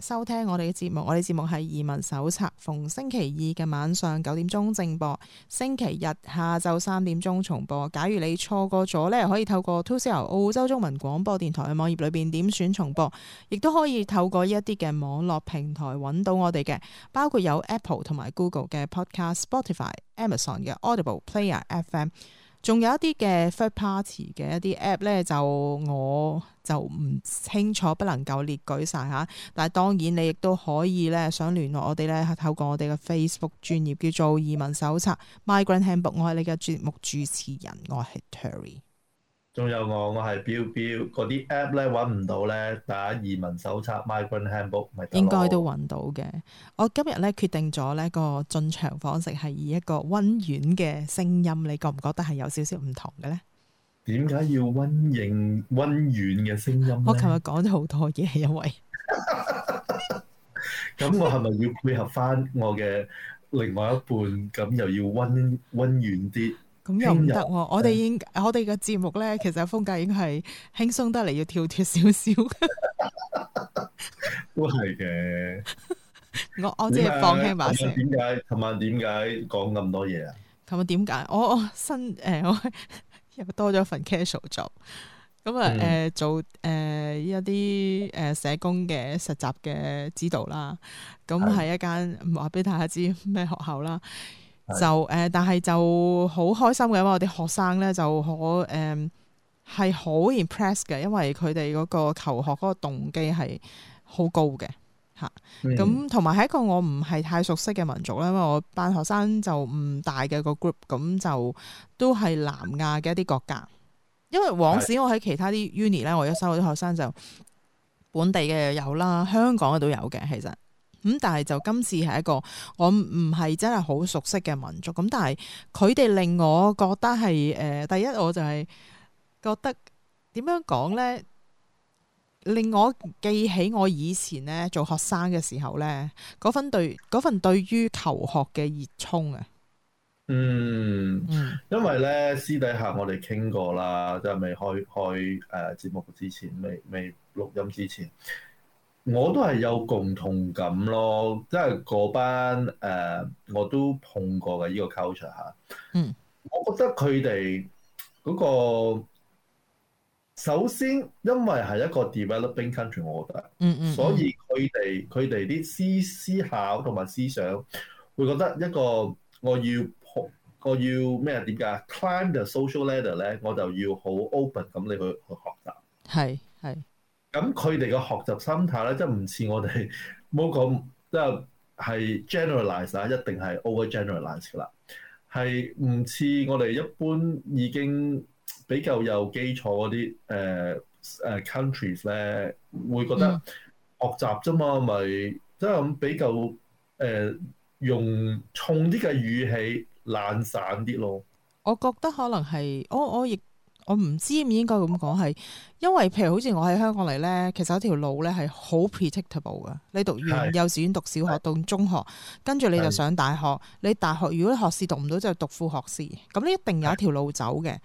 收聽我哋嘅節目，我哋節目係移民手冊，逢星期二嘅晚上九點鐘正播，星期日下晝三點鐘重播。假如你錯過咗呢，可以透過 2CR 澳洲中文廣播電台嘅網頁裏邊點選重播，亦都可以透過一啲嘅網絡平台揾到我哋嘅，包括有 Apple 同埋 Google 嘅 Podcast、Spotify、Amazon 嘅 Audible、Player FM。仲有一啲嘅 third party 嘅一啲 app 咧，就我就唔清楚，不能夠列舉晒吓，但係當然你亦都可以咧，想聯絡我哋咧，透過我哋嘅 Facebook 專頁叫做移民手冊 Migrant Handbook。Mig Hand book, 我係你嘅節目主持人，我係 Tury。仲有我，我係 Bill Bill，嗰啲 app 咧，揾唔到咧，打移民手冊 My Green Handbook 唔係應該都揾到嘅。我今日咧，決定咗呢個進場方式係以一個溫軟嘅聲音，你覺唔覺得係有少少唔同嘅咧？點解要溫應溫軟嘅聲音？我琴日講咗好多嘢，因為咁我係咪要配合翻我嘅另外一半？咁又要溫溫，溫軟啲？咁又唔得喎！我哋已經我哋嘅節目咧，其實風格已經係輕鬆得嚟，要跳脫少少。 都係嘅的 。我我即係放輕把聲。點解琴晚點解講咁多嘢啊？琴晚點解我我新誒、呃、我入多咗份 casual、呃、做，咁啊誒做誒一啲誒社工嘅實習嘅指導啦，咁、嗯、係的一間話俾大家知咩學校啦。就誒、呃，但係就好開心嘅，因為我啲學生咧就可誒係好 impressed 嘅，因為佢哋嗰個求學嗰個動機係好高嘅吓，咁同埋係一個我唔係太熟悉嘅民族啦，因為我班學生就唔大嘅個 group，咁就都係南亞嘅一啲國家。因為往時我喺其他啲 uni 咧，嗯、我有收嗰啲學生就本地嘅有啦，香港嘅都有嘅，其實。咁但係就今次係一個我唔係真係好熟悉嘅民族，咁但係佢哋令我覺得係誒、呃，第一我就係覺得點樣講呢？令我記起我以前呢做學生嘅時候呢，嗰份對嗰份對於求學嘅熱衷啊。嗯，嗯因為呢，私底下我哋傾過啦，即係未開開誒節、呃、目之前，未未錄音之前。我都係有共同感咯，即係嗰班誒、呃，我都碰過嘅呢、呢個 culture 嚇。嗯，我覺得佢哋嗰個首先，因為係一個 developing country，我覺得，嗯，嗯嗯，所以佢哋佢哋啲思思考同埋思想，會覺得一個我要我要咩啊？點解 climb the social ladder 咧？我就要好 open 咁，你去去學習。係，係。咁佢哋嘅學習心態咧，即係唔似我哋冇咁即係係 generalize 啦，呃、ized，一定係 overgeneralize 㗎啦，係唔似我哋一般已經比較有基礎嗰啲誒誒 countries 咧，會覺得學習啫嘛，咪即係咁比較誒、呃、用重啲嘅語氣，懶散啲咯。我覺得可能係，我我亦。我唔知唔應該咁講係，因為譬如好似我喺香港嚟呢，其實有條路呢係好 predictable 嘅。你讀完幼稚園，讀小學到中學，的跟住你就上大學。你大學如果學士讀唔到，就讀副學士。咁你一定有一條路走嘅。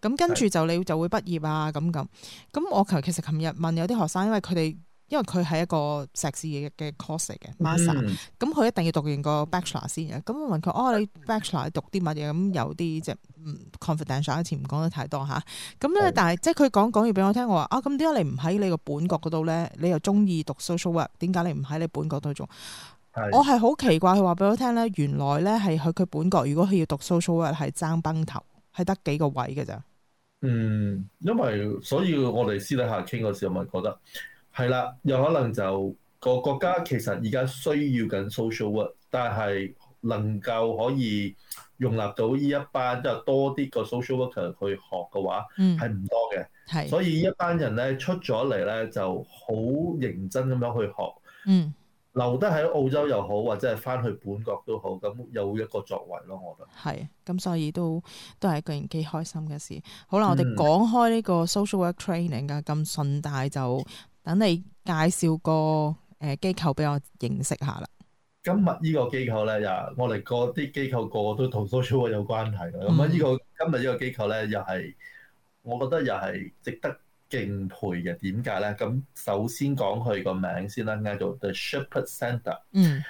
咁的跟住就你就會畢業啊，咁咁。咁我其實其實琴日問有啲學生，因為佢哋。因為佢係一個碩士嘅 course 嚟嘅 master，咁佢一定要讀完個 bachelor 先嘅。咁我、嗯、問佢：哦，你 bachelor 讀啲乜嘢？咁有啲即係、嗯、confidential，一次唔講得太多吓。咁、啊、咧，但係即係佢講講嘢俾我聽，我話啊，咁點解你唔喺你個本國嗰度咧？你又中意讀 social work，點解你唔喺你本國度做？是我係好奇怪，佢話俾我聽咧，原來咧係喺佢本國，如果佢要讀 social work，係爭崩頭，係得幾個位嘅咋。嗯，因為所以我哋私底下傾嘅時候，咪覺得。係啦，有可能就個國家其實而家需要緊 social work，但係能夠可以容納到呢一班即係多啲個 social worker 去學嘅話，係唔、嗯、多嘅。係是，所以一班人咧出咗嚟咧就好認真咁樣去學。嗯，留得喺澳洲又好，或者係翻去本國都好，咁有一個作為咯，我覺得係。咁所以都都係一件幾開心嘅事。好啦，嗯、我哋講開呢個 social work training 㗎，咁順帶就。等你介紹個誒、呃、機構俾我認識下啦。今日呢個機構咧，又、嗯、我哋嗰啲機構個個都同 social 有關係嘅。咁啊、嗯，依、依個今日呢個機構咧，又係我覺得又係值得敬佩嘅。點解咧？咁首先講佢個名先啦，嗌做 The Shepherd Centre。嗯。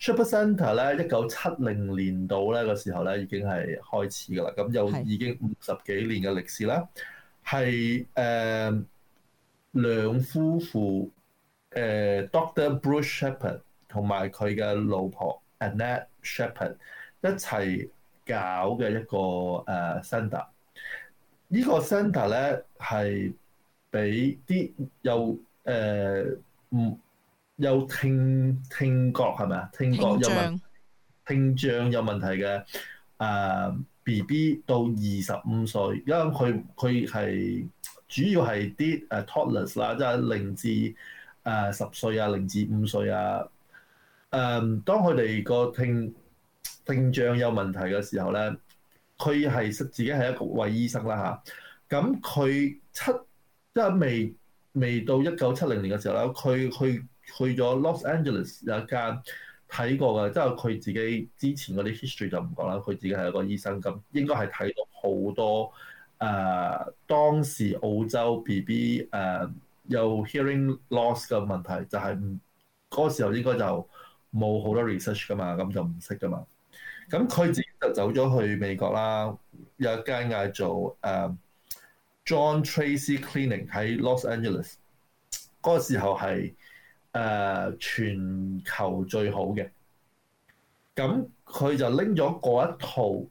Shepherd Centre 咧，一九七零年度咧個時候咧，已經係開始嘅啦。咁又已經五十幾年嘅歷史啦，係誒是。兩夫婦誒、呃、Doctor Bruce Shepherd 同埋佢嘅老婆 Annette Shepherd 一齊搞嘅一個誒 centre 呢依個 centre e 咧係俾啲又誒唔有聽聽覺係咪啊？聽覺，聽，覺有問題，聽障聽障有問題嘅誒、呃、B B 到二十五歲，因為佢佢係。主要係啲誒 toddler 啦，即係零至誒十歲啊，零至五歲啊。誒，當佢哋個聽聽障有問題嘅時候咧，佢係自己係一位醫生啦嚇。咁佢七即係未未到一九七零年嘅時候咧，佢去去咗 Los Angeles 有一間睇過嘅，即係佢自己之前嗰啲 history 就唔講啦。佢自己係一個醫生，咁、啊就是就是、應該係睇到好多。誒、uh, 當時澳洲 BB 誒、uh, 有 hearing loss 嘅問題，就係唔嗰時候應該就冇好多 research 噶嘛，咁就唔識噶嘛。咁佢自己就走咗去美國啦，有間嗌做誒、uh, John Tracy Clinic 喺 Los Angeles，嗰時候係誒、uh, 全球最好嘅。咁佢就拎咗嗰一套。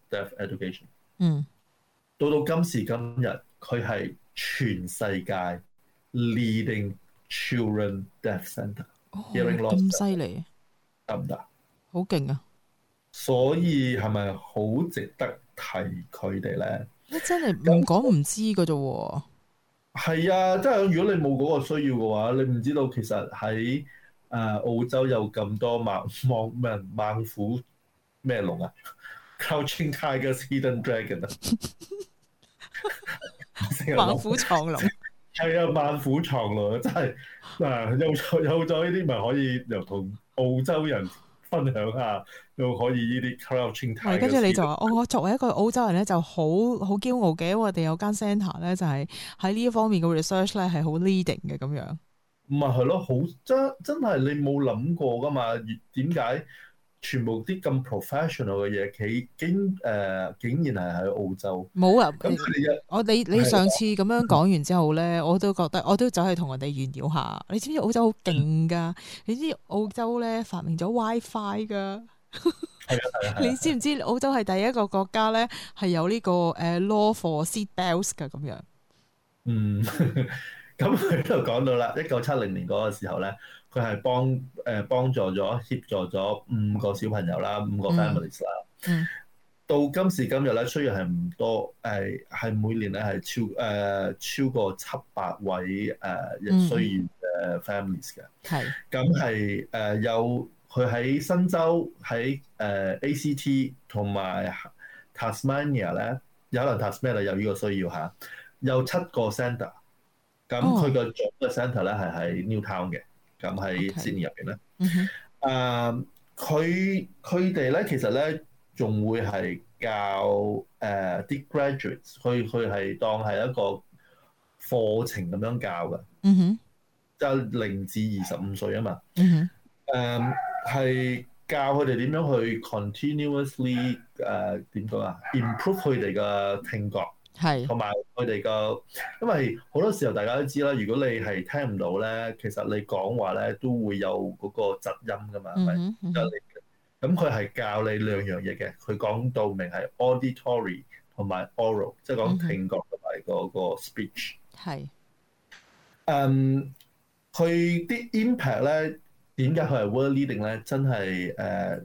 Deaf education，嗯，到到今時今日，佢係全世界 leading children deaf c e n t e r 咁犀利、哦，得唔得？行行好勁啊！所以係咪好值得提佢哋咧？真係唔講唔知噶啫，係啊！即係如果你冇嗰個需要嘅話，你唔知道其實喺誒、呃、澳洲有咁多猛猛咩猛虎咩龍啊！Crouching Tiger, Hidden Dragon 啊！臥虎藏龍係啊，臥虎藏龍真係啊！有有咗呢啲，咪可以又同澳洲人分享下，又可以呢啲 Crouching Tiger、嗯。跟住你就話：我、 哦、我作為一個澳洲人咧，就好好驕傲嘅，我哋有間 centre 咧，就係喺呢一方面嘅 research 咧，係好 leading 嘅咁樣。唔係係咯，好真真係你冇諗過噶嘛？點解？全部啲咁 professional 嘅嘢，佢竟誒、呃、竟然係喺澳洲。冇啊了！我你你上次咁樣講完之後咧，嗯、我都覺得我都走去同人哋炫耀下。你知唔知澳洲好勁噶？你知澳洲咧發明咗 WiFi 噶？係 你知唔知澳洲係第一個國家咧係有呢個誒 law for seat belts 噶咁樣？嗯，咁佢都講到啦，一九七零年嗰個時候咧。佢係幫誒幫助咗協助咗五個小朋友啦，五個 families 啦。嗯，到今時今日咧，雖然係唔多誒，係每年咧係超誒超過七百位誒需要嘅 families 嘅。係咁係誒有佢喺新州喺誒 ACT 同埋 Tasmania 咧，有可能 Tasmania 有呢個需要嚇。有七個 centre，咁佢個總嘅 centre 咧係喺 New Town 嘅。咁喺先入邊咧，誒佢佢哋咧其實咧仲會係教誒啲、uh, graduates，佢佢係當係一個課程咁樣教嘅，mm hmm. 就零至二十五歲啊嘛，誒係、mm hmm. uh, 教佢哋點樣去 continuously 誒、uh, 點講啊，improve 佢哋嘅聽覺。係，同埋佢哋嘅，因為好多時候大家都知啦，如果你係聽唔到咧，其實你講話咧都會有嗰個窒音噶嘛，係咪、嗯嗯？咁佢係教你兩樣嘢嘅，佢講到明係 auditory 同埋 oral，即係講聽覺同埋嗰個 speech。係、嗯哼。嗯、um，佢啲 impact 咧點解佢係 world leading 咧？真係誒、呃，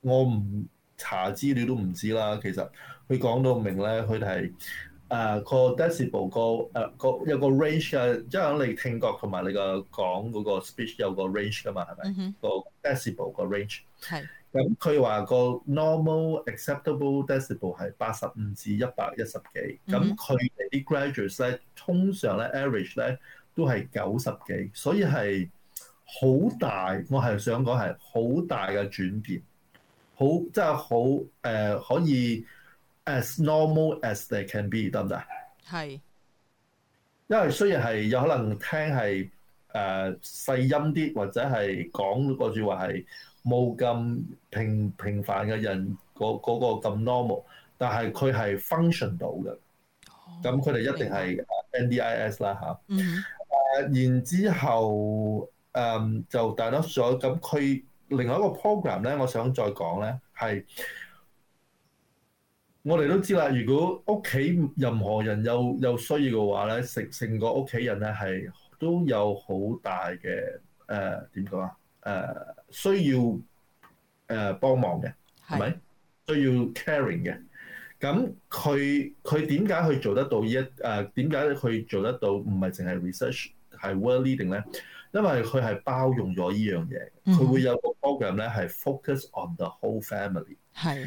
我唔查資料都唔知啦，其實。佢講到明咧，佢哋係誒個、啊、decibel 個誒個、啊、有個 range 啊，即係你聽覺同埋你講個講嗰個 speech 有個 range 噶嘛，係咪？個 decibel 個 range 係。咁佢話個 normal acceptable decibel 係八十五至一百一十幾，咁佢哋啲 graduates 咧通常咧 average 咧都係九十幾，所以係好大。Mm hmm. 我係想講係好大嘅轉變，好即係好誒可以。As normal as they can be，得唔得？係，因為雖然係有可能聽係誒、uh, 細音啲，或者係講個住話係冇咁平平凡嘅人、那個，嗰、那個咁 normal，但係佢係 function 到嘅。咁佢哋一定係 NDIS 啦嚇。誒、啊，然之後誒、um, 就大多咗。咁，佢另外一個 program 咧，我想再講咧係。我哋都知啦，如果屋企任何人有有需要嘅話咧，成成個屋企人咧係都有好大嘅，誒，點講啊？誒，需要誒、呃、幫忙嘅，係咪是需要 caring 嘅？咁佢佢點解去做得到呢一，誒？點解佢做得到？唔係淨係 research 係 world leading 咧？因為佢係包容咗呢樣嘢，佢、嗯、哼會有個 program 咧係 focus on the whole family 係。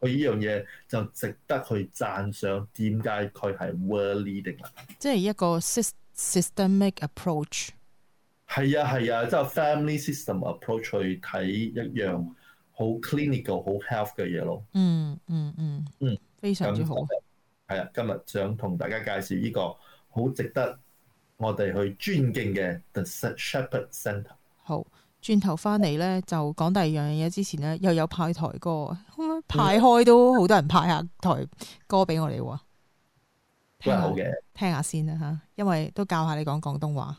佢呢樣嘢就值得去讚賞，點解佢係 world leading 啦？即係一個 system systemic approach。係啊係啊，即係 family system approach 去睇一樣好 clinical 好 health 嘅嘢咯。嗯嗯嗯嗯，嗯非常之好。係啊，今日想同大家介紹呢個好值得我哋去尊敬嘅 The Shepherd Centre。好，轉頭翻嚟咧，就講第二樣嘢之前咧，又有派台歌。派開都好多人派下台，台歌俾我哋喎，都好嘅，聽下，聽下先啦嚇，因為都教下你講廣東話。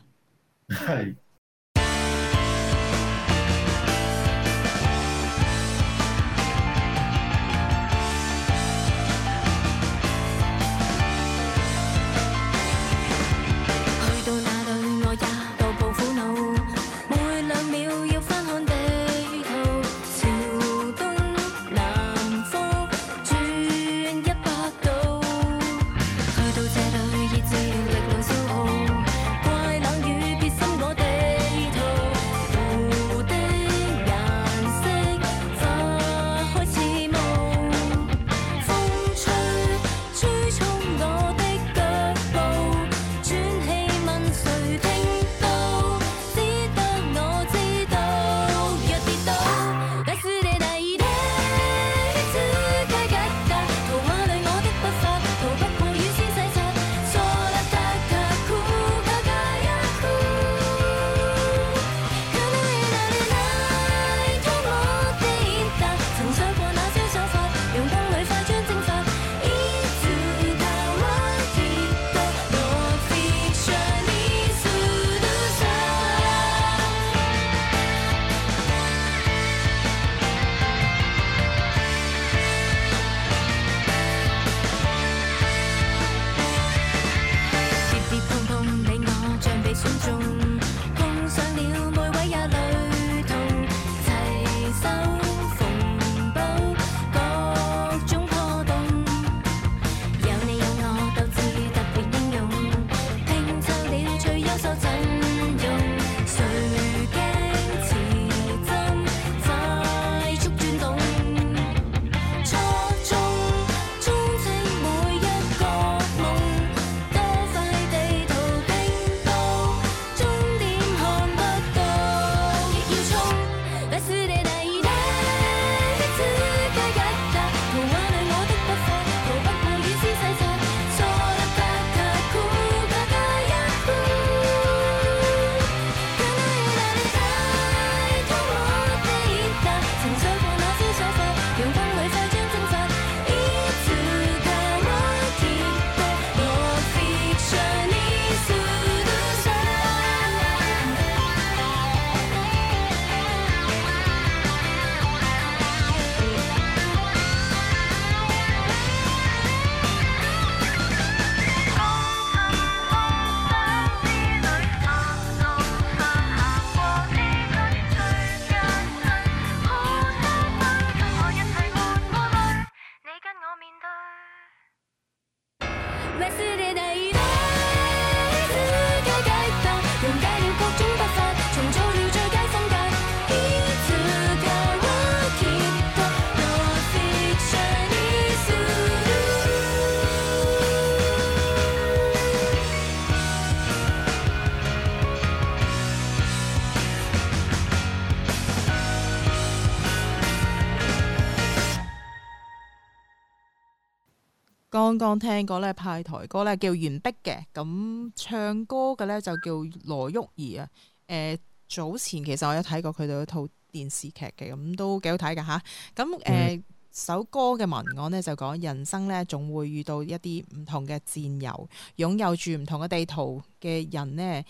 剛剛聽過咧派台歌咧叫《完璧》嘅，咁唱歌嘅咧就叫羅毓儀啊。誒、呃，早前其實我有睇過佢哋一套電視劇嘅，咁都幾好睇噶吓。咁誒，呃嗯、首歌嘅文案呢，就講人生呢，總會遇到一啲唔同嘅戰友，擁有住唔同嘅地圖嘅人呢，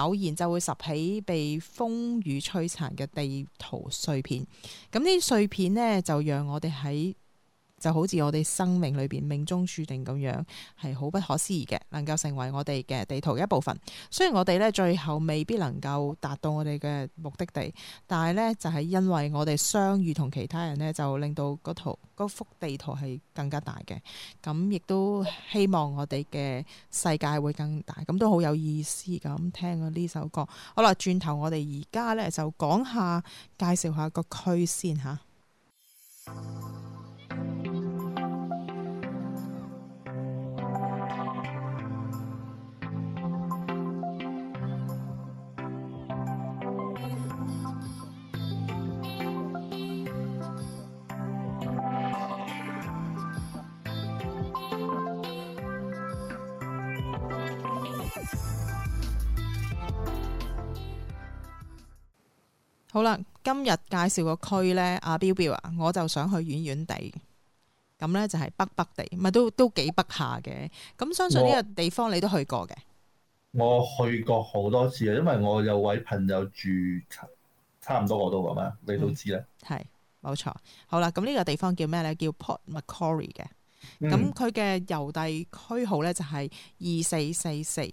偶然就會拾起被風雨摧殘嘅地圖碎片。咁呢啲碎片呢，就讓我哋喺就好似我哋生命裏邊命中注定咁樣，係好不可思議嘅，能夠成為我哋嘅地圖一部分。雖然我哋呢最後未必能夠達到我哋嘅目的地，但係呢就係因為我哋相遇同其他人呢，就令到幅地圖係更加大嘅。咁亦都希望我哋嘅世界會更大，咁都好有意思。咁聽咗呢首歌，好啦，轉頭我哋而家呢，就講下介紹下個區先吓。好啦，今日介紹個區咧，阿 Bill Bill 啊，我就想去遠遠地，咁咧就係、是、北北地，咪都都幾北下嘅。咁、嗯、相信呢個地方你都去過嘅。我去過好多次啊，因為我有位朋友住差唔多我都咁啊，嗯、你都知啦。係冇錯。好啦，咁、嗯、呢、這個地方叫咩咧？叫 Port Macquarie 嘅。咁佢嘅郵遞區號咧就係二四四四。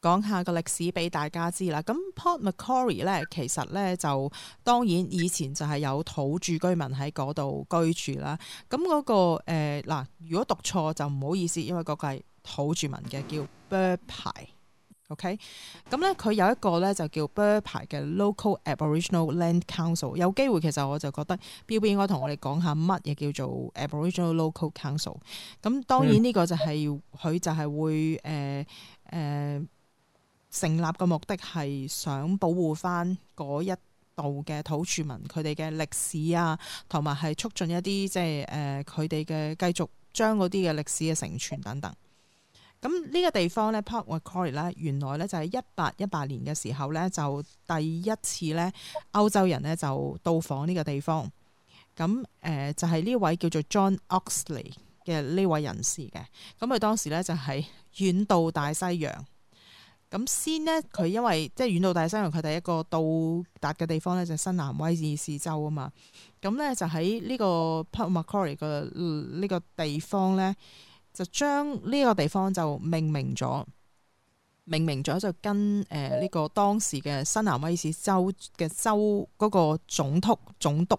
講下個歷史俾大家知啦。咁 Port Macquarie 咧，其實咧就當然以前就係有土著居民喺嗰度居住啦。咁嗰、那個誒嗱、呃啊，如果讀錯就唔好意思，因為嗰個係土著民嘅，叫 Birpai。Ai, OK，咁咧佢有一個咧就叫 Birpai 嘅 Local Aboriginal Land Council。有機會其實我就覺得 Bill Bill 應該同我哋講下乜嘢叫做 Aboriginal Local Council。咁當然呢個就係、是、佢、嗯、就係會誒誒。呃呃成立嘅目的係想保護翻嗰一度嘅土著民佢哋嘅歷史啊，同埋係促進一啲即係誒佢哋嘅繼續將嗰啲嘅歷史嘅承傳等等。咁、嗯、呢個地方呢 Port Macquarie 咧，原來呢就喺一八一八年嘅時候呢，就第一次呢歐洲人呢就到訪呢個地方。咁誒、呃、就係、是、呢位叫做 John Oxley 嘅呢位人士嘅。咁佢當時呢，就係遠渡大西洋。咁先呢，佢因為即係遠到大西洋，佢第一個到達嘅地方咧，就係新南威爾士州啊嘛。咁咧就喺呢個 Port Macquarie 嘅呢個地方咧，就將呢個地方就命名咗，命名咗就跟誒呢、呃這個當時嘅新南威爾士州嘅州個總督總督。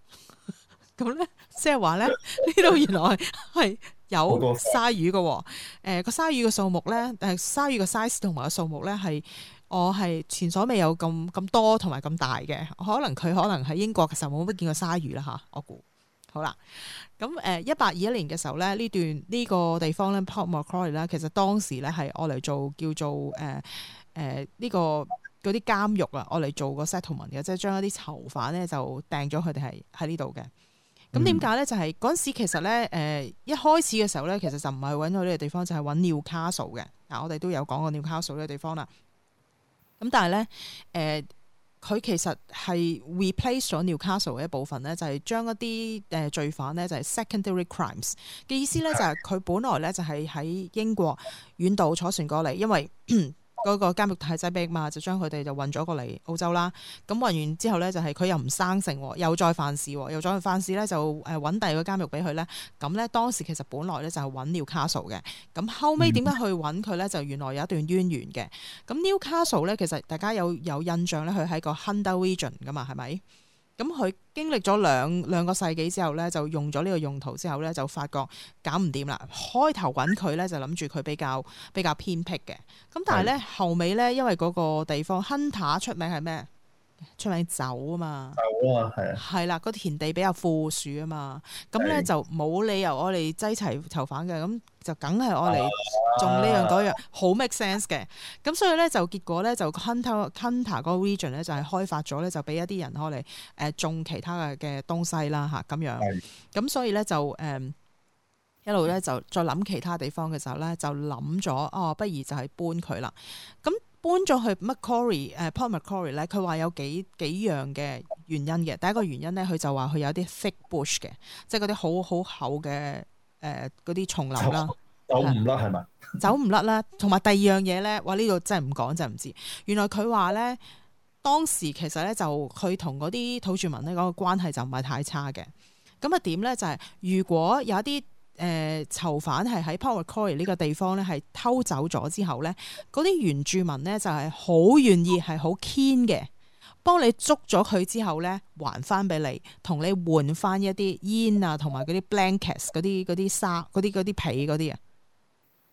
咁咧，即係話咧，就是、呢度原來係有鯊魚嘅、哦，誒個鯊魚嘅數目咧，誒鯊魚嘅 size 同埋個數目咧，係我係前所未有咁咁多同埋咁大嘅。可能佢可能喺英國嘅時候冇乜見過鯊魚啦吓，我估。好啦，咁誒一八二一年嘅時候咧，呢段呢、這個地方咧 Port Macquarie 咧，其實當時咧係我嚟做叫做誒誒呢個嗰啲監獄啊，我嚟做個 settlement 嘅，即係將一啲囚犯咧就掟咗佢哋係喺呢度嘅。咁點解咧？就係嗰陣時其實咧，誒、呃、一開始嘅時候咧，其實就唔係揾到呢個地方，就係、是、揾 Newcastle 嘅。嗱、啊，我哋都有講過 Newcastle 呢個地方啦。咁、嗯、但係咧，誒、呃、佢其實係 replace 咗 Newcastle 嘅一部分咧，就係、是、將一啲誒、呃、罪犯咧，就係、是、secondary crimes 嘅意思咧，就係、是、佢本來咧就係、是、喺英國遠渡坐船過嚟，因為。 嗰個監獄太擠逼嘛，就將佢哋就運咗過嚟澳洲啦。咁運完之後咧，就係、是、佢又唔生性，又再犯事，又再犯事咧就誒揾第二個監獄俾佢咧。咁咧當時其實本來咧就係揾 Newcastle 嘅。咁後尾點解去揾佢咧？就原來有一段淵源嘅。咁 Newcastle 咧，其實大家有有印象咧，佢喺個 Hunter Region 噶嘛，係咪？咁佢經歷咗兩兩個世紀之後咧，就用咗呢個用途之後咧，就發覺搞唔掂啦。開頭揾佢咧，就諗住佢比較比較偏僻嘅。咁但係咧的後尾咧，因為嗰個地方 Hunter 出名係咩？出名酒啊嘛，酒啊嘛，係係啦，個田地比較富庶啊嘛，咁咧的就冇理由我哋擠齊囚犯嘅，咁就梗係我嚟種呢樣嗰樣，啊、好 make sense 嘅，咁所以咧就結果咧就 Hunter Hunter 嗰個 region 咧就係、是、開發咗咧，就俾一啲人我嚟誒種其他嘅嘅東西啦吓，咁、啊、樣，咁的所以咧就誒、嗯、一路咧就再諗其他地方嘅時候咧，就諗咗哦，不如就係搬佢啦，咁。搬咗去 Macquarie 誒 Port Macquarie 咧、呃，佢話有幾幾樣嘅原因嘅。第一個原因咧，佢就話佢有啲 thick bush 嘅，即係嗰啲好好厚嘅誒嗰啲叢林啦。走唔甩係咪？啊、嗎走唔甩啦，同埋第二樣嘢咧，哇！呢度真係唔講就唔、係、知。原來佢話咧，當時其實咧就佢同嗰啲土著民咧嗰個關係就唔係太差嘅。咁啊點咧就係、係、如果有一啲。誒、呃，囚犯係喺 Port Macquarie e 呢個地方咧，係偷走咗之後咧，嗰啲原住民咧就係、是、好願意係好 keen 嘅，幫你捉咗佢之後咧，還翻俾你，同你換翻一啲煙啊，同埋嗰啲 blankets 嗰啲啲沙嗰啲嗰啲被嗰啲啊。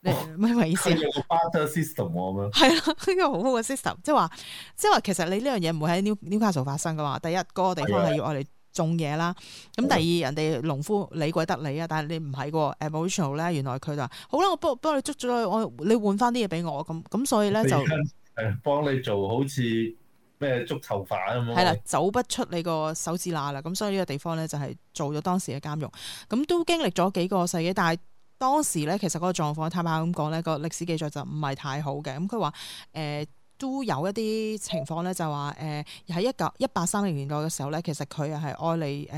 咩意思？係個 barter system 啊嘛。係、就、啦、是，呢個好好嘅 system，即係話，即係話其實你呢樣嘢唔會喺 New Newcastle 發生噶嘛。第一，嗰、那個地方係要我哋。種嘢啦，咁第二哇人哋農夫你貴得你啊，但係你唔係喎。Aboriginal 咧，原來佢就、嗯、就，好啦，我幫幫你捉咗，我你換翻啲嘢俾我，咁咁所以咧就，誒幫你做好似咩捉囚犯咁。係啦、嗯，走不出你個手指罅啦，咁、嗯、所以呢個地方咧就係、是、做咗當時嘅監獄，咁、嗯、都經歷咗幾個世紀，但係當時咧其實嗰個狀況，坦白咁講咧個歷史記載就唔係太好嘅，咁佢話誒。呃呃都有一啲情況咧，就話誒喺一九一八三零年代嘅時候咧，其實佢又係愛嚟誒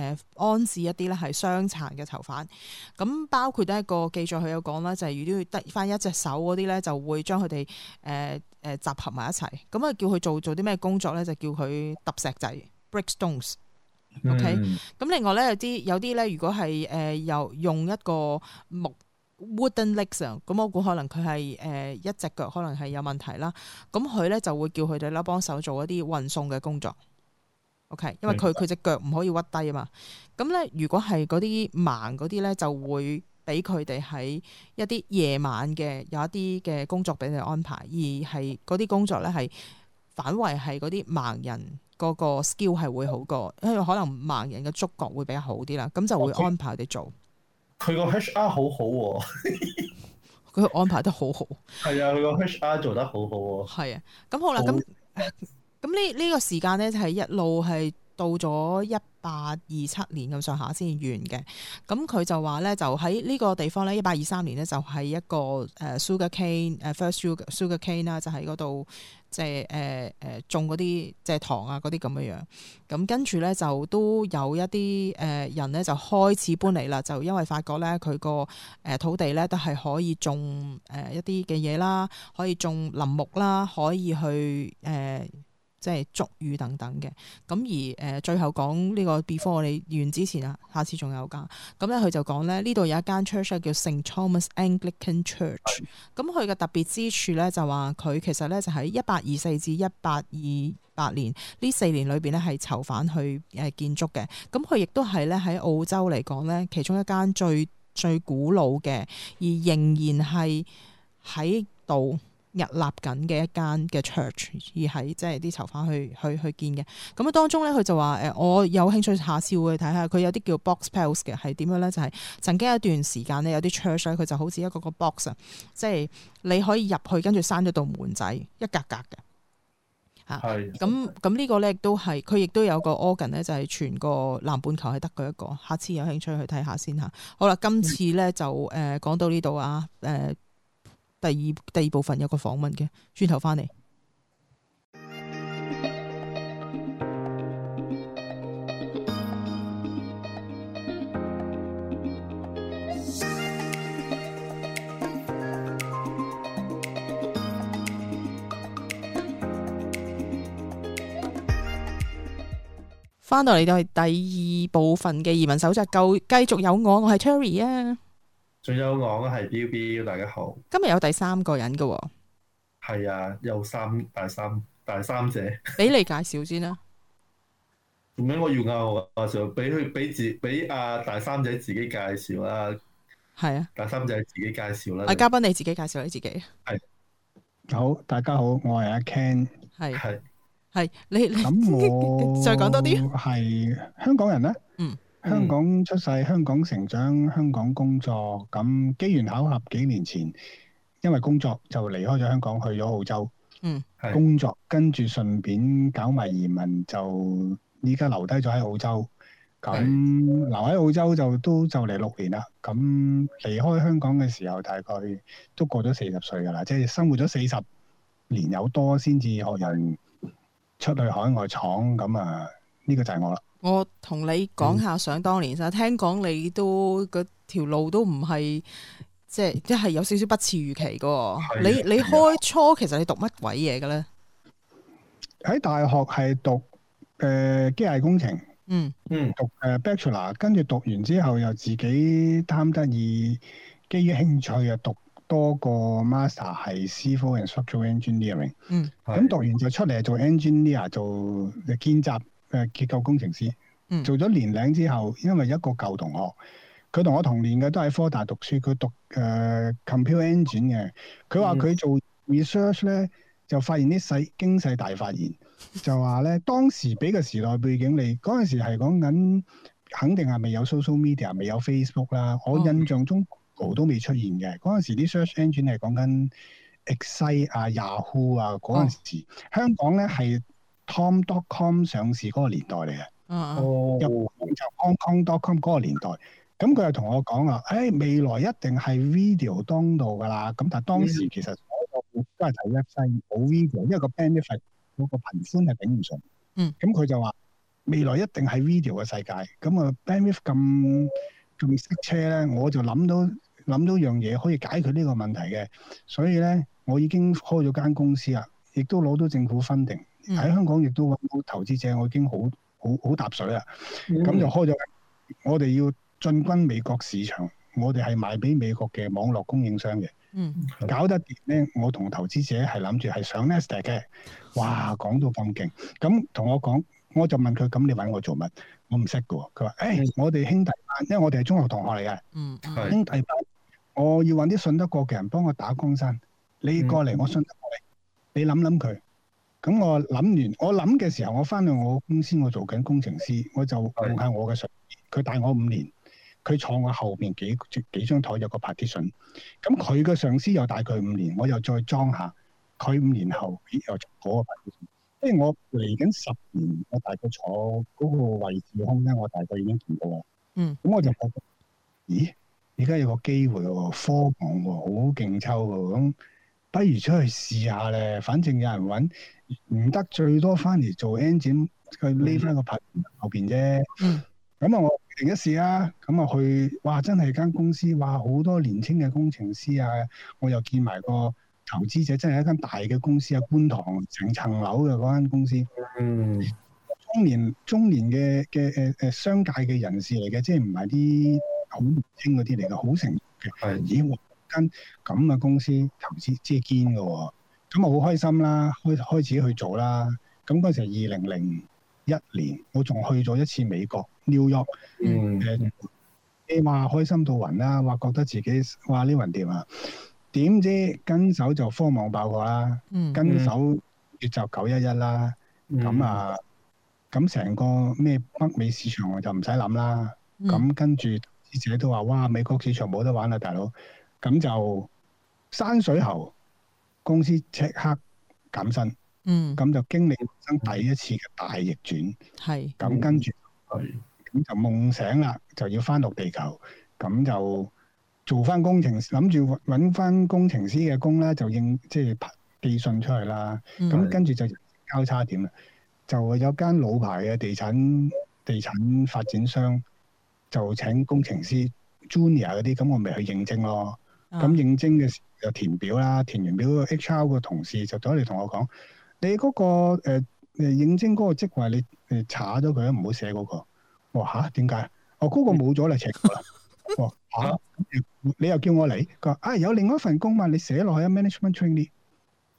安置一啲咧係傷殘嘅囚犯。咁包括第一個記載，佢有講啦，就係、是、如果得翻一隻手嗰啲咧，就會將佢哋誒誒集合埋一齊。咁啊，叫佢做做啲咩工作咧？就叫佢揼石仔 （break stones）、嗯。OK。咁另外咧有啲有啲咧，如果係誒又用一個木。Wooden legs，咁我估可能佢係誒一隻腳可能係有問題啦。咁佢咧就會叫佢哋啦幫手做一啲運送嘅工作。OK，因為佢佢隻腳唔可以屈低啊嘛。咁咧如果係嗰啲盲嗰啲咧，就會俾佢哋喺一啲夜晚嘅有一啲嘅工作俾你安排，而係嗰啲工作咧係反為係嗰啲盲人嗰個 skill 係會好過，因為可能盲人嘅觸覺會比較好啲啦。咁就會安排佢哋做。Okay. 佢個 HR 好好喎，佢安排得好好。係啊，佢個 HR 做得好好喎。係啊，咁好啦，咁咁呢呢個時間咧，就係、是、一路係。到咗一八二七年咁上下先完嘅，咁佢就話咧，就喺呢個地方咧，一八二三年咧就係一個誒、呃、sugar cane 誒、呃、first sugar sugar cane 啦，就喺嗰度即係誒誒種嗰啲即係糖啊嗰啲咁嘅樣。咁跟住咧就都有一啲誒、呃、人咧就開始搬嚟啦，就因為發覺咧佢個誒土地咧都係可以種誒、呃、一啲嘅嘢啦，可以種林木啦，可以去誒。呃即係俗語等等嘅，咁而誒、呃、最後講呢、呢個 before 我哋完之前啊，下次仲有㗎。咁咧佢就講咧，呢度有一間 church 叫 St Thomas Anglican Church。咁佢嘅特別之處咧就話佢其實咧就喺一八二四至一八二八年呢四年裏邊咧係囚犯去誒建築嘅。咁佢亦都係咧喺澳洲嚟講咧其中一間最最古老嘅，而仍然係喺度。日立緊嘅一間嘅 church 而喺即係啲籌款去去去建嘅，咁啊，當中咧佢就話誒、呃，我有興趣下次會去睇下佢有啲叫 box pals 嘅係點樣咧？就係、是、曾經有一段時間咧有啲 church 咧，佢就好似一個個 box 啊，即係你可以入去跟住閂咗道門仔一格格嘅嚇。咁咁呢個咧亦都係佢亦都有個 organ 咧，就係全個南半球係得佢一個。下次有興趣去睇下先嚇。好啦，今次咧就誒講、呃、到呢度啊誒。呃呃第二第二部分有個訪問嘅，轉頭翻嚟，翻到嚟就係第二部分嘅移民手冊，夠繼續有我，我係 Tury 啊。仲有我啊，係 B B，大家好。今日有第三個人噶，係啊，有三大三第三者，俾你介紹先啦，做咩我要啊！我話就俾佢俾自俾阿大三仔自己介紹啦。係啊，大三仔自己介紹啦。阿嘉賓你自己介紹你自己啊。係，好，大家好，我係阿 Ken。係係係，你你，我再講多啲。係香港人咧，嗯。嗯、香港出世，香港成長，香港工作，咁機緣巧合幾年前，因為工作就離開咗香港，去咗澳洲。嗯、工作的跟住順便搞埋移民，就依家留低咗喺澳洲。咁留喺澳洲就都就嚟六年啦。咁離開香港嘅時候，大概都過咗四十歲㗎啦，即、就、係、是、生活咗四十年有多先至學人出去海外闖。咁啊，呢、呢個就係我啦。我同你講下，想當年先，嗯、聽講你都嗰條路都唔係，即係一係有少少不似預期噶。的你你開初其實你讀乜鬼嘢嘅咧？喺大學係讀誒機、呃、械工程，嗯嗯，讀誒、呃、Bachelor，跟住讀完之後又自己貪得意，基於興趣啊讀多個 Master 係 Civil and Structural Engineering，咁、嗯嗯、讀完就出嚟做 engineer 做嘅見習。誒結構工程師，嗯、做咗年齡之後，因為一個舊同學，佢同我同年嘅，都喺科大讀書。佢讀誒 computer engine 嘅，佢話佢做 research 咧、嗯，就發現啲細經濟大發現，就話咧，當時俾個時代背景你，嗰陣時係講緊，肯定係未有 social media，未有 Facebook 啦。我印象中、嗯、都未出現嘅，嗰陣時啲 search engine 係講緊 Excite 啊 Yahoo 啊嗰陣時，嗯嗯、香港咧係，Tom.com 上市嗰個年代嚟嘅，入行就 Hong Kong.com 嗰個年代。咁佢又同我講啊，誒、哎、未來一定係 video 當道㗎啦。咁但係當時其實所有都係睇 website 冇 video，因為個 bandwidth 嗰個頻寬係頂唔順。咁佢就話未來一定係 video 嘅世界。咁啊，bandwidth 咁咁識車咧，我就諗到諗到樣嘢可以解決呢個問題嘅。所以咧，我已經開咗間公司啦，亦都攞到政府 funding 喺香港亦都揾到投資者，我已經好好好搭水啦。咁、嗯、就開咗，我哋要進軍美國市場。我哋係賣俾美國嘅網絡供應商嘅。嗯、搞得掂咧，我同投資者係諗住係上 nestle 嘅。哇，講到咁勁，咁同我講，我就問佢：咁你揾我做乜？我唔識嘅喎。佢話：誒、欸，是我哋兄弟班，因為我哋係中學同學嚟嘅。嗯、兄弟班，我要揾啲信得過嘅人幫我打江山。你過嚟，我信得過你。嗯、你諗諗佢。咁我諗完，我諗嘅時候，我翻去我公司，我做緊工程師，我就用下我嘅上司，佢的帶我五年，佢坐我後邊幾幾張台有個 partition。咁佢嘅上司又帶佢五年，我又再裝下佢五年後又做嗰個 partition。即係我嚟緊十年，我大概坐嗰個位置空咧，我大概已經見到啦。嗯。咁我就覺得，咦？而家有個機會喎，科網喎，好勁抽喎，咁不如出去試下咧。反正有人揾。唔得最多翻嚟做 engine，佢匿翻個品後邊啫。咁、嗯、啊，我嚟一試啦、啊。咁啊，去哇，真係間公司哇，好多年青嘅工程師啊，我又見埋個投資者，真係一間大嘅公司啊，觀塘成層樓嘅嗰間公司。嗯中，中年中年嘅嘅誒誒，商界嘅人士嚟嘅，即係唔係啲好年輕嗰啲嚟嘅，好成熟嘅。係咦、嗯，我間咁嘅公司投資，即係堅嘅。咁我好開心啦，開開始去做啦。咁嗰陣時係二零零一年，我仲去咗一次美國紐約。New York，嗯。誒、嗯，你話開心到暈啦，話覺得自己哇呢輪掂啊！點知跟手就科網爆過啦。跟手就九一一啦。咁、嗯、啊，咁成個咩北美市場就唔使諗啦。咁、嗯嗯、跟住而且都話：哇，美國市場冇得玩啦，大佬！咁就山水喉。公司即刻減薪，嗯，咁就經歷生第一次嘅大逆轉，係、嗯，咁跟住係，咁、嗯嗯、就夢醒啦，就要翻落地球，咁就做翻工程，諗住揾揾翻工程師嘅工咧，就應即係寄信出去啦，咁跟住就交叉點啦，就有間老牌嘅地產地產發展商就請工程師 Junior 嗰啲，咁我咪去應徵咯。咁應徵嘅時又填表啦，填完表 H.R. 個同事就走嚟同我講：你嗰個誒誒應徵嗰個職位，你查咗佢啊，唔好寫嗰個。我話嚇點解？我嗰個冇咗啦，邪教啦。我話嚇，你又叫我嚟，佢話啊有另外一份工嘛，你寫落去啊，Management Trainee。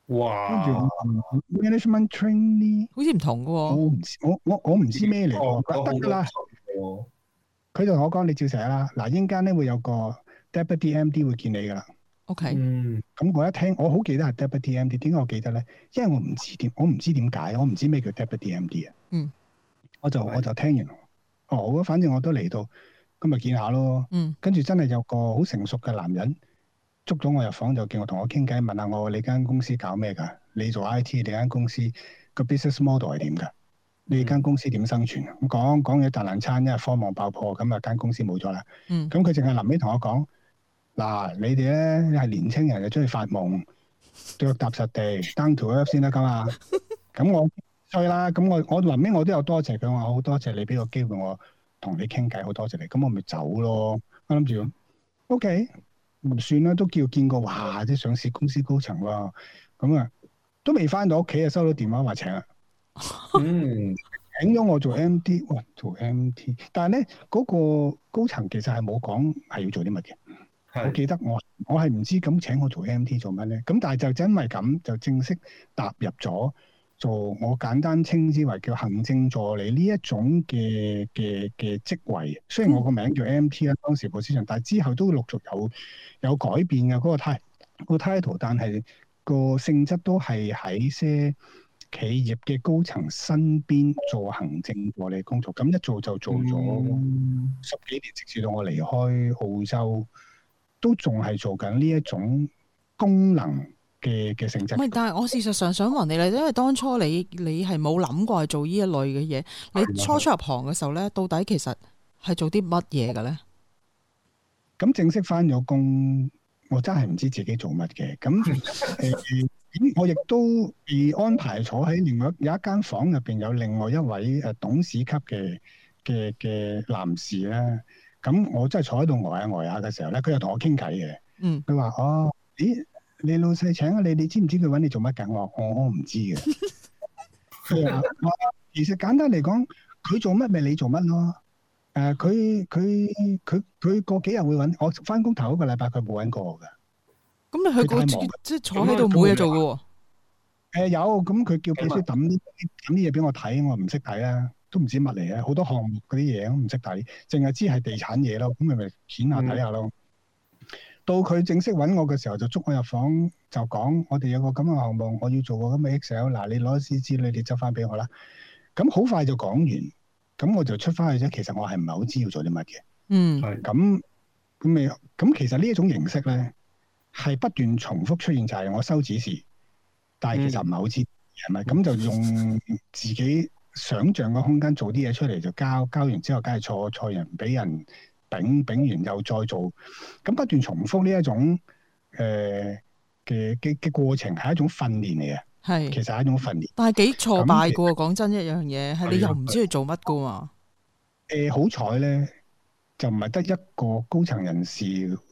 哇！跟住我 Management Trainee 好似唔同嘅喎。我唔知，我我我唔知咩嚟。哦，得㗎啦。佢就同我講：你照寫啦。嗱，應間咧會有個。Deputy MD 會見你噶啦，OK，嗯，咁我一聽，我好記得係 Deputy MD，點解我記得咧？因為我唔知點，我唔知點解，我唔知咩叫 Deputy MD 啊，嗯，我就 Right. 我就聽完，哦，我反正我都嚟到，咁咪見下咯，嗯，跟住真係有個好成熟嘅男人捉咗我入房，就叫我同我傾偈，問下我你間公司搞咩噶？你做 I.T，你間公司個 business model 係點噶？你間公司點生存？咁講講嘢大爛餐，因為科網爆破，咁啊間公司冇咗啦，嗯，咁佢淨係臨尾同我講。嗱，你哋咧係年青人，就中意發夢，都要踏實地，down to earth 先得噶嘛。咁我追啦，咁我我臨尾我都有多謝佢，我好多謝，謝你俾個機會我同你傾偈，好多謝你。咁我咪走咯。我諗住，O K，唔算啦，都叫見過哇，即上市公司高層喎。咁啊，都未翻到屋企啊，收到電話話請啊，嗯，請咗我做 M D、哦、做 M T，但係咧嗰個高層其實係冇講係要做啲乜嘅。我記得我我係唔知咁請我做 M.T 做乜呢。咁但係就因為咁就正式踏入咗做我簡單稱之為叫行政助理呢一種嘅嘅嘅職位。雖然我個名叫 M.T 啦，當時個市場，但係之後都陸續有有改變嘅嗰、嗰個 title，但係個性質都係喺些企業嘅高層身邊做行政助理工作。咁一做就做咗十幾年，直至到我離開澳洲。都仲係做緊呢一種功能嘅嘅性質。唔係，但係我事實上想問你啦，因為當初你你係冇諗過係做呢一類嘅嘢。你初初入行嘅時候咧，的到底其實係做啲乜嘢嘅咧？咁、嗯、正式返咗工，我真係唔知自己做乜嘅。咁，咁、 呃、我亦都被安排坐喺另外一有一間房入邊，有另外一位誒董事級嘅嘅嘅男士啦。咁我真係坐喺度呆下呆下嘅時候咧，佢又同我傾偈嘅。嗯，佢話：哦，咦，你老細請啊你，你知唔知佢揾你做乜㗎？我我我唔知嘅。其實簡單嚟講，佢做乜咪你做乜咯。誒，佢佢佢佢過幾日會揾我？翻工頭嗰個禮拜佢冇揾過我㗎。咁你佢太忙，即係坐喺度冇嘢做㗎喎。誒有，咁佢叫必須揼啲揼啲嘢俾我睇，我唔識睇啦。都唔知乜嚟嘅，好多項目嗰啲嘢都唔識睇，淨係知係地產嘢咯。咁咪咪睇下睇下咯。嗯、到佢正式揾我嘅時候，就捉我入房，就講我哋有個咁嘅項目，我要做個咁嘅 Excel。嗱，你攞啲資料你執翻俾我啦。咁好快就講完，咁我就出翻去啫。其實我係唔係好知要做啲乜嘅？嗯，咁咁咪咁其實呢一種形式咧，係不斷重複出現就係我收指示，但係其實唔係好知係咪。咁、嗯、就用自己，想象個空間做啲嘢出嚟就交交完之後梗係錯錯人，俾人丙丙完又再做，咁不斷重複呢一種誒嘅嘅嘅過程係一種訓練嚟嘅，係是其實係一種訓練。但係幾挫敗嘅喎，講樣真一樣嘢係你又唔知要做乜嘅嘛。呃、好彩咧，就唔係得一個高層人士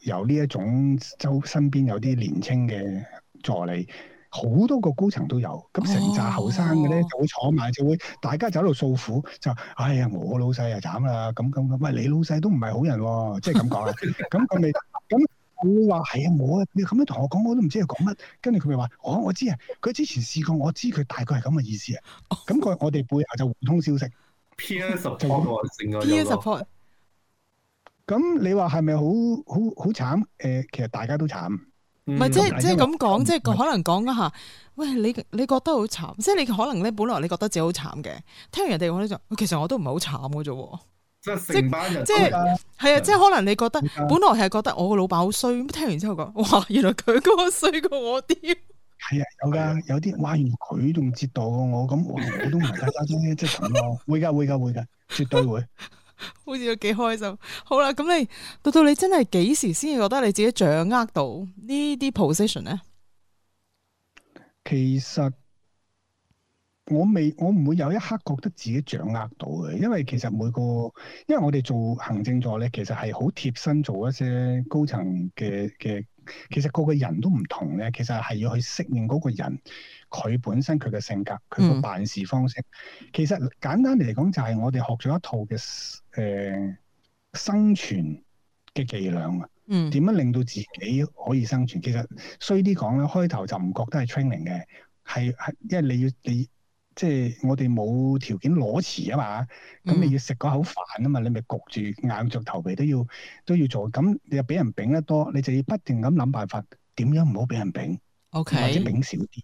有呢一種周身，邊有啲年青嘅助理。好多個高層都有，咁成紮後生嘅咧就會坐埋，就會大家喺度訴苦，就哎呀我老細啊慘啦，咁咁咁，喂你老細都唔係好人，哦，即係咁講啊。咁佢咪咁佢話係啊，我你咁樣同我講，我都唔知佢講乜。跟住佢咪話，我我知啊，佢之前試過，我知佢大概係咁嘅意思啊。咁佢 我哋背後就互通消息。Peer support 是是。Peer support 咁你話係咪好好好慘？誒，其實大家都慘。唔係即係即係咁講，即係可能講一下。喂，你你覺得好慘，即係你可能咧本來你覺得自己好慘嘅，聽完人哋講咧就，其實我都唔係好慘嘅啫。即係成班人，即係係啊，即係可能你覺得本來係覺得我個老闆好衰，咁聽完之後講，哇！原來佢嗰個衰過我啲。係啊，有㗎，有啲哇，原來佢仲折墮過我咁，我都唔係，即係慘囉。會㗎，會㗎，會㗎，絕對會。好似都幾開心，好啦，咁你到到你真係幾時先至覺得你自己掌握到呢啲 position 咧？其實我未，我唔會有一刻覺得自己掌握到嘅，因為其實每個，因為我哋做行政助理，其實係好貼身做一些高層嘅嘅。其實個個人都唔同咧，其實係要去適應嗰個人，佢本身佢嘅性格，佢個辦事方式。嗯、其實簡單嚟講，就係我哋學咗一套嘅，誒、呃，生存嘅伎倆啊。嗯。點樣令到自己可以生存？嗯、其實衰啲講咧，開頭就唔覺得係 training 嘅，係係，因為你要你。即係我哋冇條件攞持啊嘛，咁你要食嗰口飯啊嘛，你咪焗住硬着頭皮都要都要做。咁你又俾人丙得多，你就要不斷咁諗辦法，點樣唔好俾人丙，OK，或者丙少啲。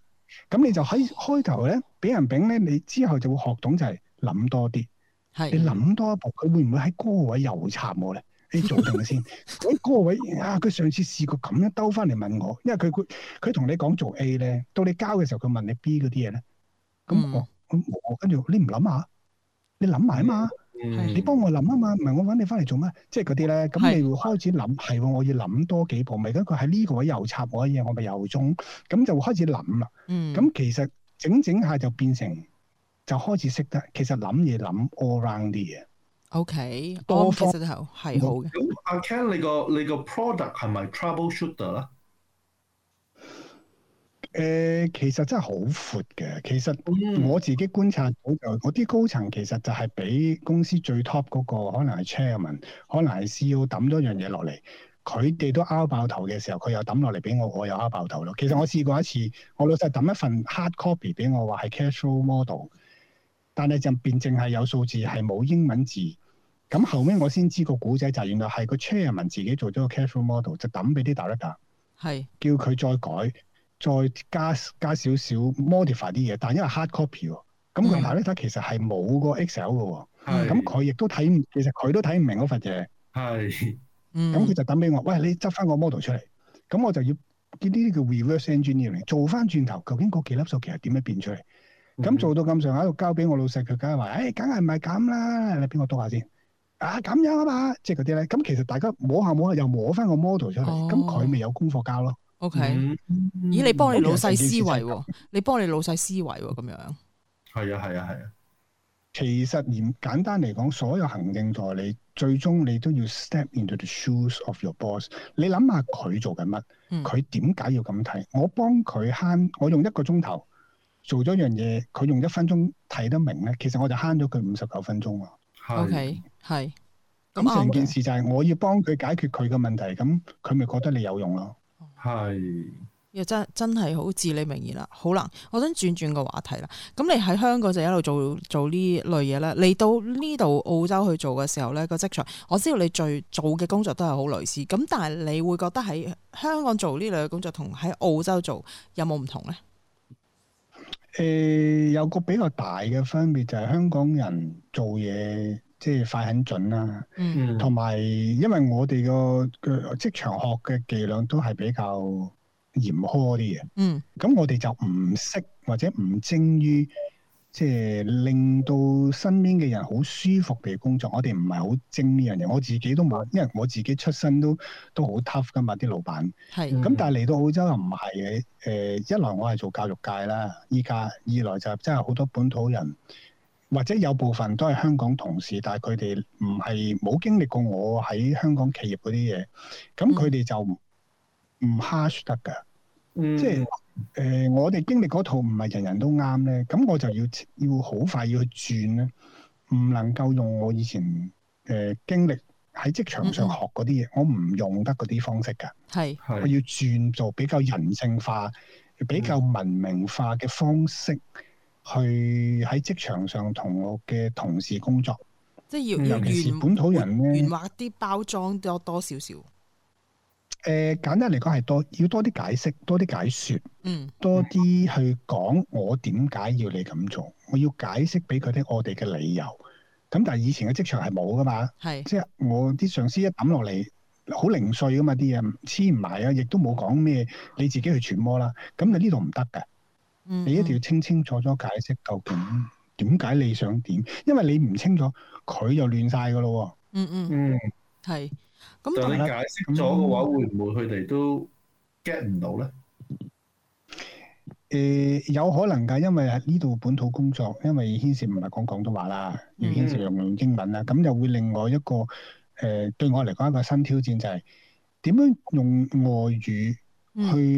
咁你就喺開頭咧，俾人丙咧，你之後就會學懂就係諗多啲。係是，你諗多一步，佢會唔會喺個位又插我咧？你做定先？喺個 位啊，佢上次試過咁樣兜翻嚟問我，因為佢佢佢同你講做 A 咧，到你交嘅時候佢問你 B 嗰啲嘢咧。咁、嗯、我咁我跟住你唔諗下，你諗埋啊嘛？嗯嗯、你幫我諗啊嘛？唔係我揾你翻嚟做咩？即係嗰啲咧，咁你會開始諗係喎，我要諗多幾步，咪等佢喺呢個位又插我一嘢，我咪又中，咁就會開始諗啦。咁、嗯、其實整整下就變成就開始識得，其實諗嘢諗 all round 啲嘢。OK，多方頭係好嘅。咁阿 Ken，你個你個 product 係咪 trouble shooter 啊？誒、呃、其實真係好闊嘅，其實我自己觀察到就啲高層其實就係俾公司最 top 嗰、那個，可能係 chairman，可能係試要抌多樣嘢落嚟。佢哋都拗爆頭嘅時候，佢又抌落嚟俾我，我又拗爆頭咯。其實我試過一次，我老細抌一份 hard copy 俾我，話係 casual model，但係就變證係有數字係冇英文字。咁後尾我先知個古仔就是、原來係個 chairman 自己做咗個 casual model，就抌俾啲 data，係叫佢再改。再加加少少 modify 啲嘢，但因為 hard copy 喎，咁佢睇咧，睇其實係冇嗰個 Excel 嘅喎，咁佢亦都睇，其實佢都睇唔明嗰份嘢。係是，咁佢、嗯、就等俾我，喂，你執翻個 model 出嚟，咁我就要呢啲叫 reverse engineering 嚟，做翻轉頭，究竟嗰幾粒數其實點樣變出嚟？咁、嗯、做到咁上下，就交俾我老細，佢梗係話，誒、欸，梗係唔係咁啦？你俾我讀下先？啊，咁樣啊嘛，即係嗰啲咧。咁其實大家摸下摸下，又摸翻個 model 出嚟，咁佢咪有功課交咯。O K、嗯嗯、咦？你幫你老細思維，你幫你老細思維咁樣。係啊係啊係啊，啊啊其實而簡單嚟講，所有行政助理最終你都要 step into the shoes of your boss 你想想。你諗下佢做緊乜？佢點解要咁睇？我幫佢慳，我用一個鐘頭做咗樣嘢，佢用一分鐘睇得明咧。其實我就慳咗佢五十九分鐘咯。OK，係咁成件事就係我要幫佢解決佢嘅問題，咁佢咪覺得你有用咯？係，又真真係好至理名言啦！好啦，我想轉轉個話題啦。咁你喺香港就一路做做呢類嘢啦。嚟到呢度澳洲去做嘅時候咧，個職場我知道你最做嘅工作都係好類似。咁但係你會覺得喺香港做呢類嘅工作同喺澳洲做有冇唔同咧？誒、呃，有個比較大嘅分別就係香港人做嘢。即係快狠準啦、啊，同埋、嗯、因為我哋個個職場學嘅伎倆都係比較嚴苛啲嘅。嗯，咁我哋就唔識或者唔精於即係、就是、令到身邊嘅人好舒服地工作。我哋唔係好精呢樣嘢，我自己都冇，因為我自己出身都都好 tough 噶嘛，啲老闆係。咁、嗯、但係嚟到澳洲又唔係嘅，誒、呃、一來我係做教育界啦，依家二來就真係好多本土人。或者有部分都係香港同事，但係佢哋唔係冇經歷過我喺香港企業嗰啲嘢，咁佢哋就唔 harsh 得㗎。即係誒、呃，我哋經歷嗰套唔係人人都啱咧，咁我就要要好快要去轉咧，唔能夠用我以前誒、呃、經歷喺職場上學嗰啲嘢，嗯、我唔用得嗰啲方式㗎。係係是，我要轉做比較人性化、比較文明化嘅方式。嗯嗯去喺職場上同我嘅同事工作，即係要尤其是本土人咧，圓滑啲包裝多多少少。誒、呃、簡單嚟講係多要多啲解釋，多啲解説，嗯，多啲去講我點解要你咁做，我要解釋俾佢聽我哋嘅理由。咁但係以前嘅職場係冇噶嘛，係是，即係我啲上司一抌落嚟好零碎噶嘛，啲嘢黐唔埋啊，亦都冇講咩，你自己去揣摩啦。咁你呢度唔得嘅。你一定要清清楚楚解釋究竟點解你想點，因為你唔清楚，佢就亂晒噶咯。嗯嗯嗯，係。咁但係你解釋咗嘅話，會唔會佢哋都 get 唔到咧？誒，有可能噶，因為喺呢度本土工作，因為牽涉唔係講廣東話啦，要牽涉用英文啦，咁又、嗯、會另外一個誒、呃，對我嚟講一個新挑戰就係、是、點樣用外語去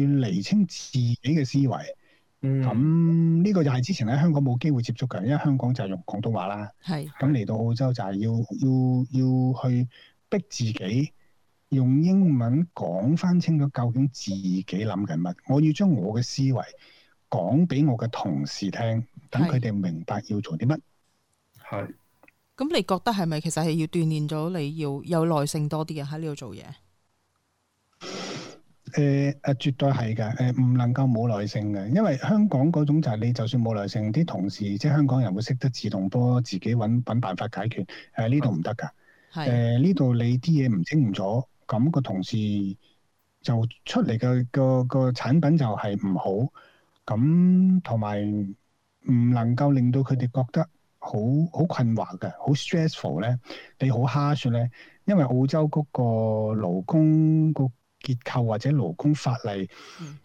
釐清自己嘅思維。嗯咁呢、嗯，這個就係之前喺香港冇機會接觸嘅，因為香港就係用廣東話啦。係，咁嚟到澳洲就係要要要去逼自己用英文講翻清楚究竟自己諗緊乜，我要將我嘅思維講俾我嘅同事聽，等佢哋明白要做啲乜。係是。咁是你覺得係咪其實係要鍛煉咗你要有耐性多啲嘅喺呢度做嘢？誒誒、呃，絕對係嘅，誒、呃、唔能夠冇耐性嘅，因為香港嗰種就係你就算冇耐性，啲同事即係香港人會識得自動波，自己搵品辦法解決。誒呢度唔得㗎，係，誒呢度你啲嘢唔清唔楚，咁、那個同事就出嚟嘅、那個、那個產品就係唔好，咁同埋唔能夠令到佢哋覺得好好困惑嘅，好 stressful 咧，你好 harsh 咧，因為澳洲嗰個勞工、那個結構或者勞工法例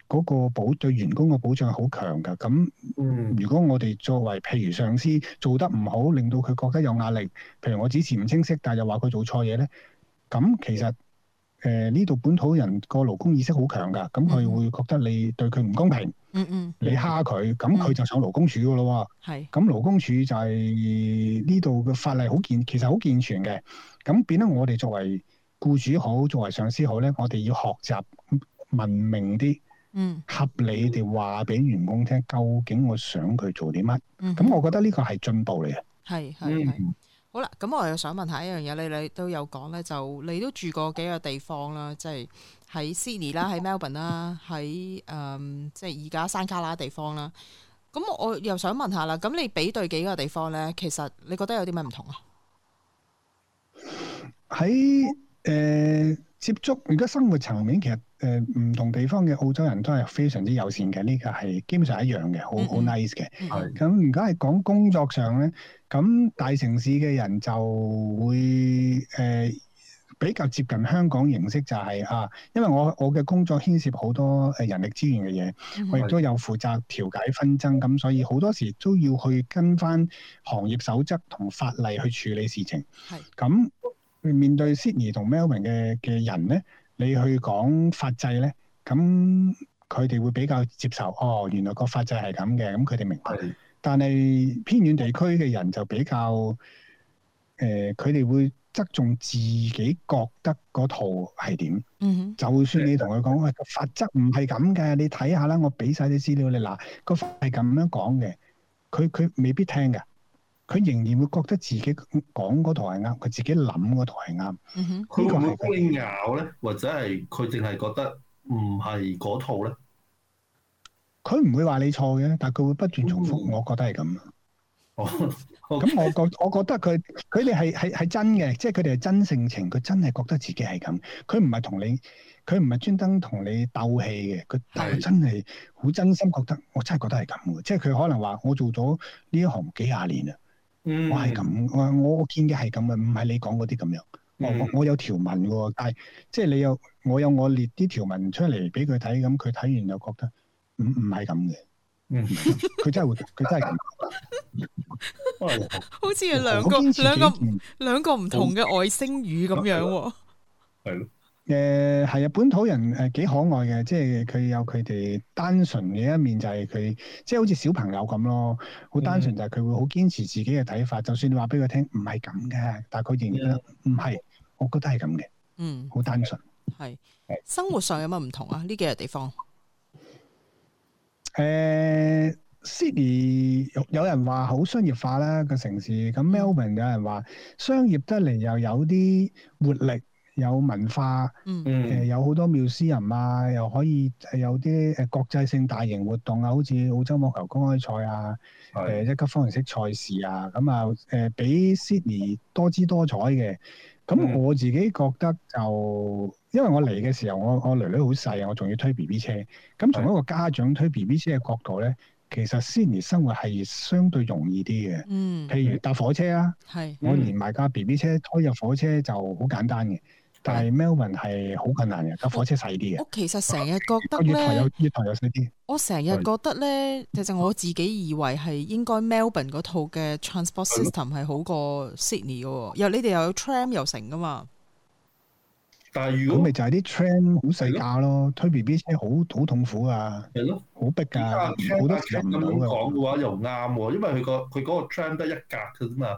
嗰、嗯、個保對員工嘅保障係好強嘅。咁，嗯、如果我哋作為譬如上司做得唔好，令到佢覺得有壓力，譬如我指示唔清晰，但又話佢做錯嘢呢，咁其實誒呢度本土人個勞工意識好強㗎。咁佢會覺得你對佢唔公平，嗯、你蝦佢，咁佢、嗯、就上勞工處㗎咯喎。係、嗯，咁勞工處就係呢度嘅法例好健，其實好健全嘅。咁變得我哋作為，雇主好，作為上司好咧，我哋要學習文明啲，嗯，合理地話俾員工聽，究竟我想佢做啲乜？咁、嗯、我覺得呢個係進步嚟嘅。係係係。嗯、好啦，咁我又想問下一樣嘢，你你都有講咧，就你都住過幾個地方啦，即係喺 Sydney 啦，喺 Melbourne 啦，喺、嗯、誒，即係而家山卡拉地方啦。咁我又想問下啦，咁你比對幾個地方咧？其實你覺得有啲咩唔同啊？喺誒、呃、接觸而家生活層面，其實誒唔、呃、同地方嘅澳洲人都係非常之友善嘅，呢個係基本上一樣嘅，好好 nice 嘅。咁，的如果係講工作上呢，咁大城市嘅人就會誒、呃、比較接近香港形式，就是，就係嚇，因為我我嘅工作牽涉好多誒人力資源嘅嘢，的我亦都有負責調解紛爭，咁所以好多時都要去跟翻行業守則同法例去處理事情。咁的。面對 Sydney 同 Melbourne 嘅嘅人咧，你去講法制咧，咁佢哋會比較接受。哦，原來個法制係咁嘅，咁佢哋明白。但係偏遠地區嘅人就比較，誒、呃，佢哋會側重自己覺得嗰套係點。Mm hmm. 就算你同佢講法則唔係咁嘅，你睇下啦，我俾晒啲資料你嗱，個法係咁樣講嘅，佢佢未必聽噶。佢仍然會覺得自己講嗰套係啱，佢自己諗嗰套係啱。佢、嗯、哼會唔會跟你拗咧？或者係佢淨係覺得唔係嗰套咧？佢唔會話你錯嘅，但係佢會不斷重複。嗯、我覺得係咁、 嗯。哦，咁我覺我覺得佢佢哋係係係真嘅，即係佢哋係真性情。佢真係覺得自己係咁。佢唔係同你，佢唔係專登同你鬥氣嘅。佢但係真係好真心覺得，我真係覺得係咁嘅。即係佢可能話我做咗呢一行幾廿年啦。我係咁，我我我見嘅係咁嘅，唔係你講嗰啲咁樣。我我有條文喎，但係即係你有我有我列啲條文出嚟俾佢睇，咁佢睇完又覺得唔唔係咁嘅。嗯，佢真係會，佢真係咁。好似兩個兩個兩個唔同嘅外星語咁樣喎。係咯。誒，係啊，呃，本土人誒、呃、幾可愛嘅，即係佢有佢哋單純嘅一面，就係、是、佢即係好似小朋友咁咯，好單純就係佢會好堅持自己嘅睇法，嗯、就算你話俾佢聽唔係咁嘅，但係佢仍然唔係，我覺得係咁嘅，嗯，好單純，係、嗯，是生活上有乜唔同啊？呢幾日地方，誒 Sydney 有有人話好商業化啦，個城市，咁 Melbourne 有人話商業得嚟又有啲活力。有文化，誒、嗯呃、有好多 museum 啊，又可以有啲誒國際性大型活動啊，好似澳洲網球公開賽啊，誒是、呃、一級方程式賽事啊，咁啊誒比 Sydney 多姿多彩嘅。咁、嗯、我自己覺得就因為我嚟嘅時候，我我女囡好細啊，我仲要推 B B 車。咁從一個家長推 B B 車嘅角度呢，其實 Sydney 生活係相對容易啲嘅。嗯、譬如搭火車啊，係、嗯、我連埋架 B B 車，開入火車就好簡單嘅。但係 Melbourne 係好困難嘅，架火車細啲嘅。我其實成日覺得咧，月台有月台有細啲。我成日覺得咧，其實我自己以為係應該 Melbourne 嗰套嘅 transport system 係的好過 Sydney 嘅，又你哋又有 tram 又成噶嘛。但係如果咪就係啲 tram 好細架咯，的推 B B 車好好痛苦啊。係咯，好逼㗎，好多時入唔到嘅。咁講嘅話又啱喎，因為佢個佢嗰個 tram 得一格嘅嘛。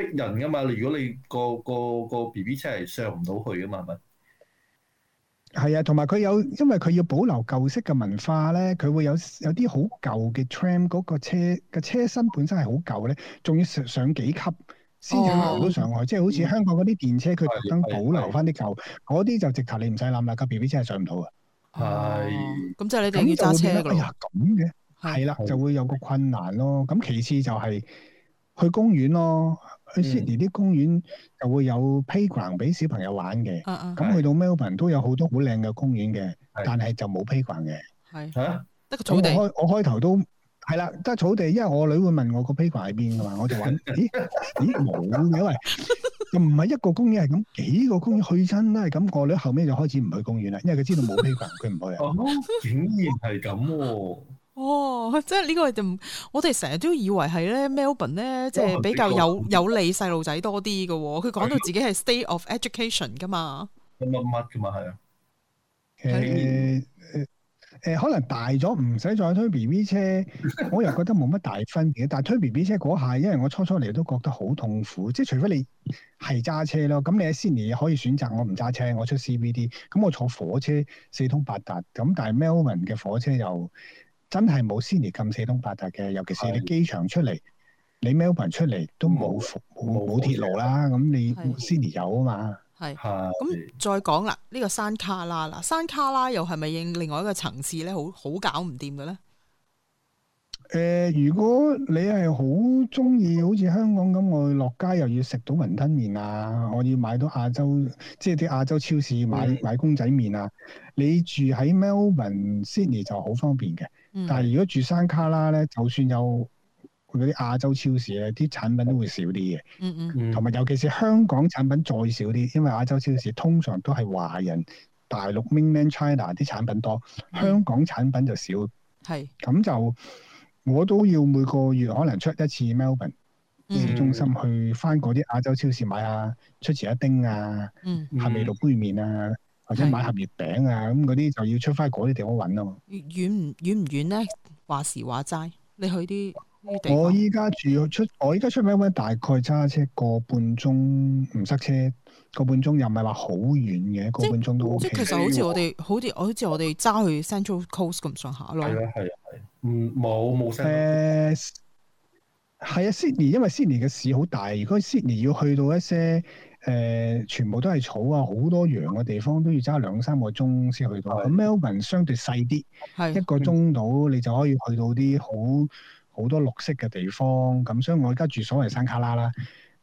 逼人噶嘛？你如果你個個個 B B 車係上唔到去噶嘛？係咪？係啊，同埋佢有，因為佢要保留舊式嘅文化咧，佢會有有啲好舊嘅 tram 嗰個車嘅、嗰個、車身本身係好舊咧，仲要上上幾級先至行到上去，哦、即係好似香港嗰啲電車，佢特登保留翻啲舊嗰啲，就直頭你唔使諗啦，架、嗰個、B B 車係上唔到啊，係、哦，咁即係你哋要揸車哎呀，咁嘅係啦，就會有個困難咯。咁其次就係去公園咯。去 Sydney 啲公園就會有 playground 俾小朋友玩嘅，咁、啊啊、去到 Melbourne 都有好多好靚嘅公園嘅，的但係就冇 playground 嘅。係得個草地。啊、我開我開頭都係啦，得草地，因為我女會問我個 playground 喺邊㗎嘛，我就揾， 咦咦冇，嘅。喂，又唔係一個公園係咁，幾個公園去親都係咁。我女後尾就開始唔去公園啦，因為佢知道冇 playground 佢唔去。 哦，竟然係咁喎！哦，即係呢個就，我哋成日都以為係咧 Melbourne 咧，即係比較有有，有利細路仔多啲嘅喎。佢講到自己係 state of education 嘅嘛，乜乜乜嘅嘛係啊。誒、嗯、誒、嗯是呃呃、可能大咗唔使再推 B B 車，我又覺得冇乜大分別。 但係推 B B 車嗰下，因為我初初嚟都覺得好痛苦，即係除非你係揸車咯。咁你喺 Sydney 可以選擇我，我唔揸車，我出 C B D，咁我坐火車四通八達。咁但係 Melbourne 嘅火車又～真係冇 Sydney 咁四通八達嘅，尤其是你機場出嚟，的你 Melbourne 出嚟都冇冇冇鐵路啦。咁的你 Sydney 有啊嘛。係。咁再講啦，呢個山卡拉啦，山卡拉又係咪應另外一個層次咧？好好搞唔掂嘅咧。誒、呃，如果你係好鍾意好似香港咁，我落街又要食到雲吞麵啊，我要買到亞洲，即係啲亞洲超市買買公仔麵啊。嗯、你住喺 Melbourne、Sydney 就好方便嘅。但係如果住山卡拉咧，就算有啲亞洲超市咧，啲產品都會少啲嘅。嗯嗯。同埋尤其是香港產品再少啲，因為亞洲超市通常都係華人大陸 Mainland China 啲產品多，香港產品就少。係是。咁就我都要每個月可能出一次 Melbourne 市是中心去翻嗰啲亞洲超市買下出前一丁啊，夏、嗯、味六杯麪啊。嗯嗯。或者買盒月餅啊，咁嗰啲就要出翻嗰啲地方揾吖嘛。遠唔遠唔遠咧？話時話齋，你去啲。我依家住，出我依家出名大概揸車個半鐘，唔塞車個半鐘，又唔係話好遠嘅，個半鐘都 OK。即其實好似我哋的，好似好似我哋揸去 Central Coast 咁上下咯。係啊，係啊，係。嗯，冇冇塞。係啊，Sydney，因為 Sydney 嘅市好大，如果 Sydney 要去到一些。誒、呃，全部都係草啊！好多羊嘅地方都要揸兩三個鐘先去到。咁的 Melbourne 相對細啲，一個鐘到你就可以去到啲好好多綠色嘅地方。咁所以我而家住所謂山卡拉啦，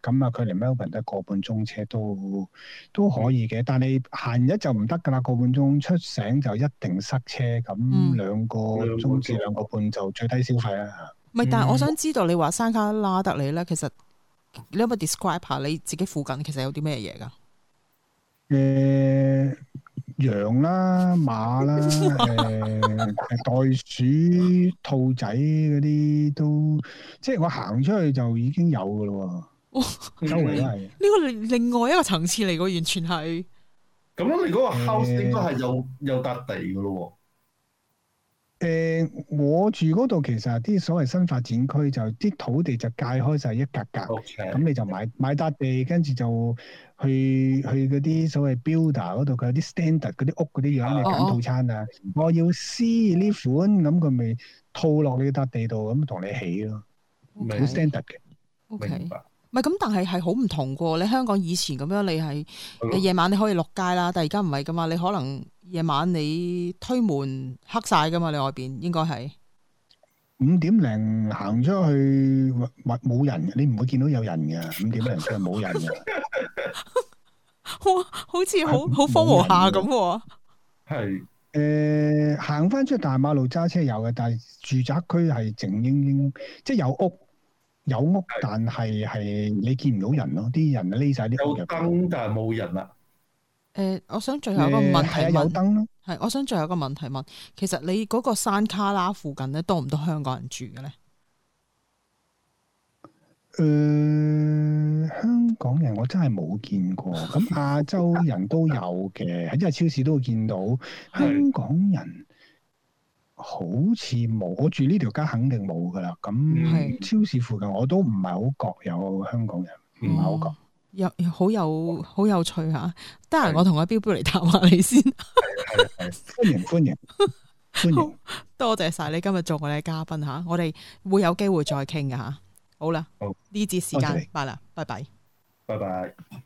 咁啊佢離 Melbourne 得個半鐘車都都可以嘅。但係你行一就唔得㗎啦，個半鐘出城就一定塞車。咁、嗯、兩個鐘至兩個半就最低消費啦、啊。唔係、嗯，嗯、但係我想知道你話山卡拉得你咧，其實。你有冇 describe 下你自己附近其實有啲咩嘢噶？誒、呃，羊啦、馬啦、誒、 呃、袋鼠、兔仔嗰啲都，即係我行出去就已經有噶咯。哇、哦！周圍都係。呢個另外一個層次嚟，個完全係。咁樣你嗰個 house 應該係有、呃、有笪地噶咯。誒、呃，我住嗰度其實啲所謂新發展區就啲、是、土地就界開晒一格格，咁 Okay. 你就買買笪地，跟住就去去嗰啲所謂 builder 嗰度，佢有啲 standard 嗰啲屋嗰啲樣，你揀套餐啊，oh, oh. 我要 C 呢款，咁佢咪套落你笪地度，咁同你起咯，好 Okay. standard 嘅。Okay. 明白。咁，但係係好唔同噶。你香港以前咁樣，你係夜晚你可以落街啦， 但係而家唔係噶嘛。你可能夜晚你推門黑晒噶嘛，你外邊應該係五點零行出去，冇人，你唔會見到有人噶。五點零出去冇 人嘅 。好似好好荒蕪下咁。係誒、啊，行翻出大馬路揸車有嘅，但係住宅區係靜英英，即係有屋。有屋，但係係你見唔到人咯，啲人匿晒啲屋入。有燈但係冇人啦、啊。誒、欸，我想最後一個問題問。欸、有燈咯、啊。係，我想最後一個問題問，其實你嗰個山卡拉附近咧，多唔多香港人住嘅咧？誒、呃，香港人我真係冇見過，咁亞洲人都有嘅，喺因為超市都會見到的香港人。好似冇，我住呢條街肯定冇噶啦。咁、嗯、超市附近我都唔係好覺有香港人，唔係好覺。有、哦、好有好有趣吓、啊，得閒、嗯、我同阿彪彪嚟探下你先。係歡迎歡迎歡迎，歡迎歡迎多謝晒你今日做我哋嘅嘉賓吓、啊，我哋會有機會再傾噶吓。好啦，呢節時間，拜啦，拜拜，拜拜。